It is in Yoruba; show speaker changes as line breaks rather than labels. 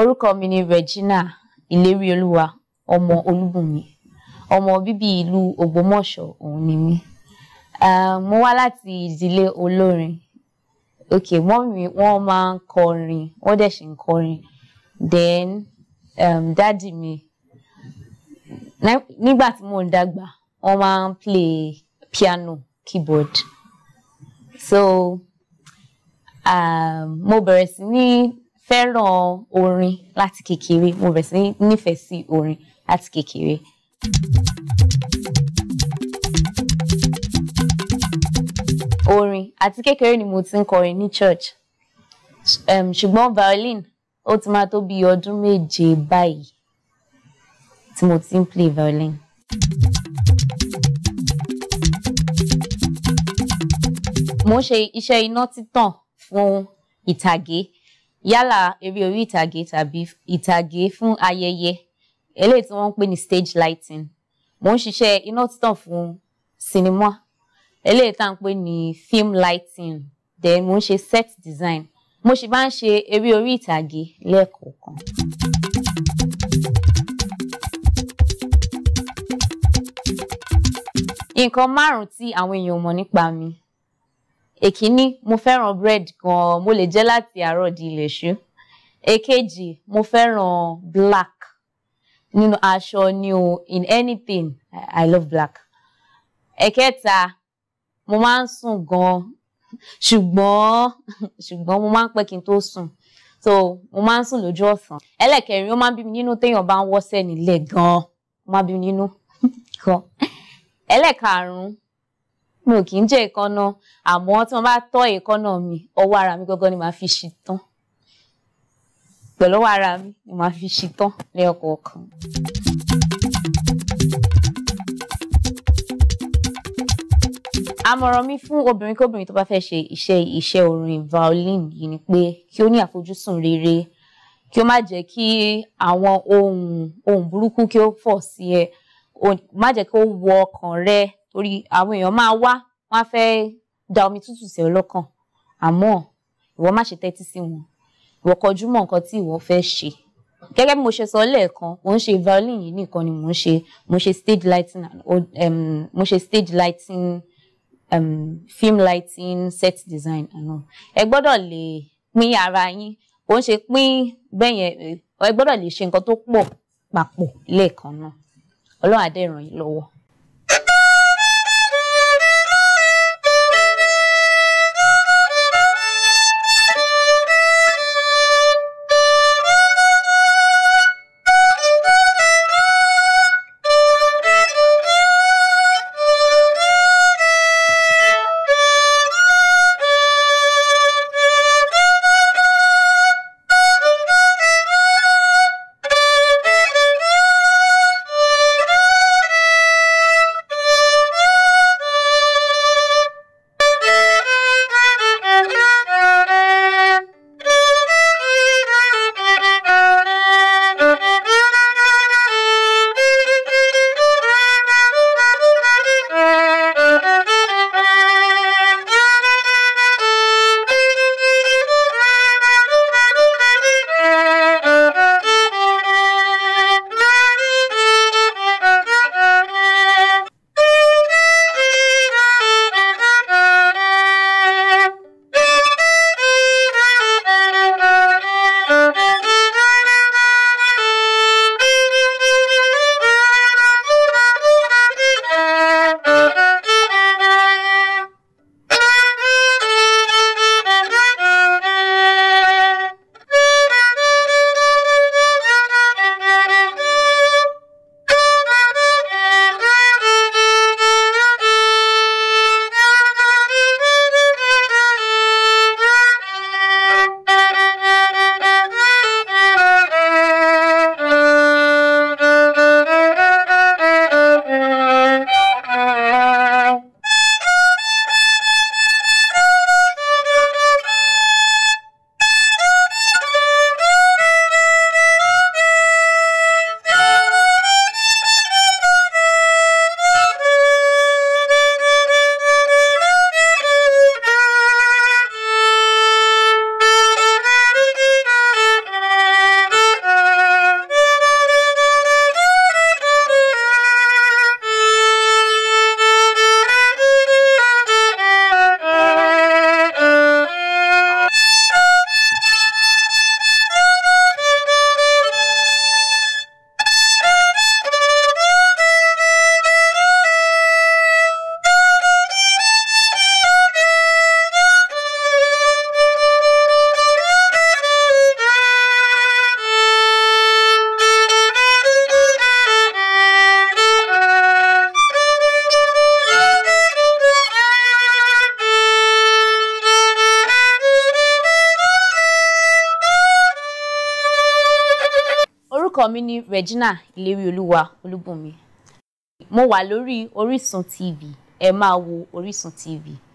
orúkọ mi ni Regina Ìléríolúwa ọmọ Olúbùnmi ọmọ bíbí ìlú Ògbómọ̀ṣọ́ òun ni mí ah, mo wá láti ìdílé olórin òkè mọ́mì wọ́n máa ń kọrin wọ́n dẹ̀ ṣì ń kọrin then um, dádì mi nígbà tí mò ń dàgbà wọ́n máa ń play piano keyboard so um, mo bẹ̀rẹ̀ sí ní fẹ́ràn orin láti kékeré mo bẹ̀rẹ̀ sí nífẹ̀ẹ́ sí orin láti kékeré. orin àti kékeré ni mo ti ń kọrin ní church um, ṣùgbọ́n violin ó ti máa tó bí ọdún méje báyìí tí mo ti ń play violin. mo ń ṣe iṣẹ́ iná títàn fún ìtàgé yálà eré orí ìtàgé tàbí ìtàgé fún ayẹyẹ eléyìí tí wọ́n ń pè ní stage lighting mo ń ṣiṣẹ́ iná títàn fún sinimá eléyìí tá à ń pè ní film lighting then mo ń ṣe set design mo sì máa ń ṣe eré orí ìtàgé lẹ́ẹ̀kọ̀ọ̀kan. nǹkan márùn-ún tí àwọn èèyàn mọ̀ nípa mi èkíní mo fẹ́ràn bread gan mo lè jẹ láti àárọ̀ di ilẹ̀ èkejì mo fẹ́ràn black nínú aṣọ ni o in anything I, I love black ẹ̀kẹta mo máa ń sùn gan ṣùgbọ́n ṣùgbọ́n mo máa ń pẹ́ kí n tó sùn so mo máa ń sùn lójú ọ̀sán ẹlẹ́kẹrin ó máa ń bí mi nínú téèyàn bá ń wọ́sẹ̀ nílẹ̀ gan-an ó máa ń bí mi nínú gan ẹlẹ́karùn mi ò kì í jẹ́ ìkànnà àmọ́ tí mo bá tọ́ ìkànnà mi ọwọ́ ara mi gangan ni màá fi ṣì tán pẹ̀lú ọwọ́ ara mi ni màá fi ṣì tán lẹ́ọ̀kọ̀ọ̀kan. àmọ̀ràn mi fún obìnrin kóbìnrin tó bá fẹ́ ṣe iṣẹ́ iṣẹ́ orin violin yìí ni pé kí ó ní àfojúsùn rere kí ó má jẹ́ kí àwọn ohun ohun burúkú kí ó fọ̀ sí ẹ má jẹ́ kí ó wọ ọkàn rẹ torí àwọn èèyàn máa wá wọn á fẹ́ da omi tútù sí ọ lọ́kàn àmọ́ ìwọ má ṣe tẹ́tí sí wọn ìwọ kọjú mọ́ nǹkan tí ìwọ fẹ́ ṣe gẹ́gẹ́ bí mo ṣe sọ lẹ́ẹ̀kan mo ń ṣe violin yìí nìkan ni mo ń ṣe mo ṣe stage lighting um, mo ṣe stage lighting um, film lighting set design àná ẹ gbọ́dọ̀ lè pín ara yín kò ń ṣe pín bẹ́yẹn ẹ gbọ́dọ̀ lè ṣe nǹkan tó pọ̀ papọ̀ lẹ́ẹ̀kan náà ọlọ́run á dẹ̀ ràn yín lọ́wọ́. orúkọ mi ni Regina Ìléríolúwa Olúbùnmi mo wà lórí Orísun TV ẹ máa wo Orísun TV.